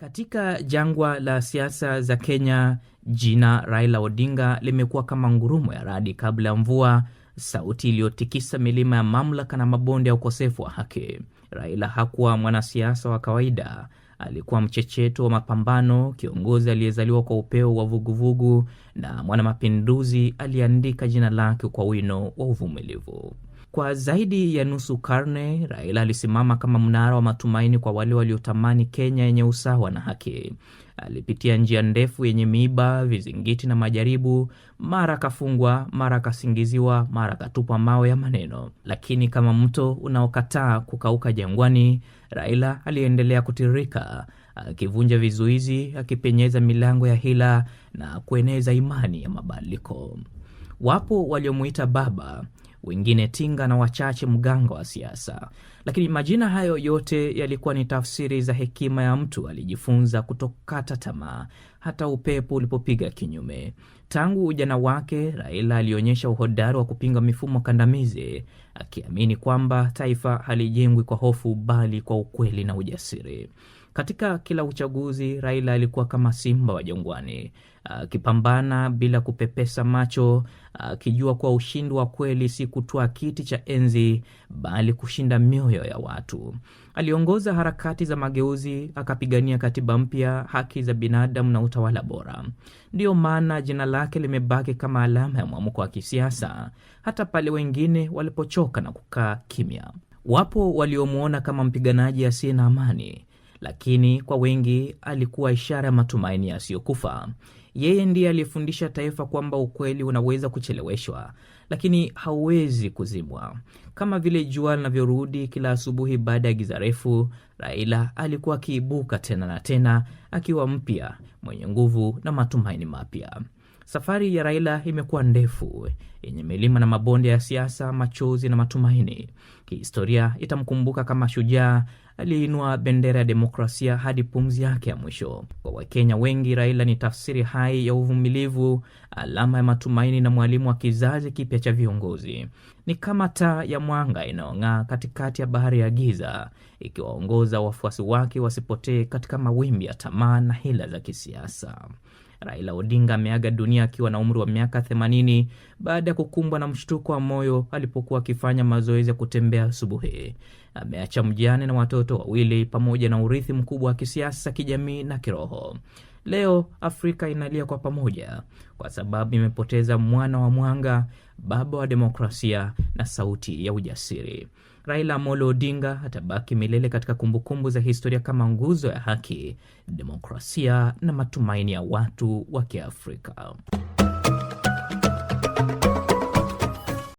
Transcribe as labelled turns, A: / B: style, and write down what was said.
A: Katika jangwa la siasa za Kenya, jina Raila Odinga limekuwa kama ngurumo ya radi kabla ya mvua, sauti iliyotikisa milima ya mamlaka na mabonde ya ukosefu wa haki. Raila hakuwa mwanasiasa wa kawaida alikuwa mchecheto wa mapambano, kiongozi aliyezaliwa kwa upeo wa vuguvugu na mwanamapinduzi aliandika jina lake kwa wino wa uvumilivu. Kwa zaidi ya nusu karne, Raila alisimama kama mnara wa matumaini kwa wale waliotamani Kenya yenye usawa na haki. Alipitia njia ndefu yenye miiba, vizingiti na majaribu. Mara akafungwa, mara akasingiziwa, mara akatupwa mawe ya maneno. Lakini kama mto unaokataa kukauka jangwani, Raila aliendelea kutiririka akivunja vizuizi, akipenyeza milango ya hila na kueneza imani ya mabadiliko. Wapo waliomuita baba, wengine tinga na wachache mganga wa siasa. Lakini majina hayo yote yalikuwa ni tafsiri za hekima ya mtu alijifunza kutokata tamaa hata upepo ulipopiga kinyume. Tangu ujana wake, Raila alionyesha uhodari wa kupinga mifumo kandamizi, akiamini kwamba taifa halijengwi kwa hofu bali kwa ukweli na ujasiri. Katika kila uchaguzi, Raila alikuwa kama simba wa jangwani ah, akipambana bila kupepesa macho, ah, akijua kuwa ushindi wa kweli si kutoa kiti cha enzi, bali kushinda mioyo ya watu. Aliongoza harakati za mageuzi, akapigania katiba mpya, haki za binadamu na utawala bora. Ndiyo maana jina lake limebaki kama alama ya mwamko wa kisiasa, hata pale wengine walipochoka na kukaa kimya. Wapo waliomwona kama mpiganaji asiye na amani lakini kwa wengi alikuwa ishara ya matumaini yasiyokufa. Yeye ndiye aliyefundisha taifa kwamba ukweli unaweza kucheleweshwa, lakini hauwezi kuzimwa. Kama vile jua linavyorudi kila asubuhi baada ya giza refu, Raila alikuwa akiibuka tena na tena akiwa mpya, mwenye nguvu na matumaini mapya. Safari ya Raila imekuwa ndefu, yenye milima na mabonde ya siasa, machozi na matumaini. Kihistoria itamkumbuka kama shujaa aliyeinua bendera ya demokrasia hadi pumzi yake ya mwisho. Kwa Wakenya wengi, Raila ni tafsiri hai ya uvumilivu, alama ya matumaini na mwalimu wa kizazi kipya cha viongozi. Ni kama taa ya mwanga inayong'aa katikati ya bahari ya giza, ikiwaongoza wafuasi wake wasipotee katika mawimbi ya tamaa na hila za kisiasa. Raila Odinga ameaga dunia akiwa na umri wa miaka 80 baada ya kukumbwa na mshtuko wa moyo alipokuwa akifanya mazoezi ya kutembea asubuhi ameacha mjane na watoto wawili pamoja na urithi mkubwa wa kisiasa, kijamii na kiroho. Leo Afrika inalia kwa pamoja kwa sababu imepoteza mwana wa mwanga, baba wa demokrasia na sauti ya ujasiri. Raila molo Odinga atabaki milele katika kumbukumbu za historia kama nguzo ya haki, demokrasia na matumaini ya watu wa Kiafrika.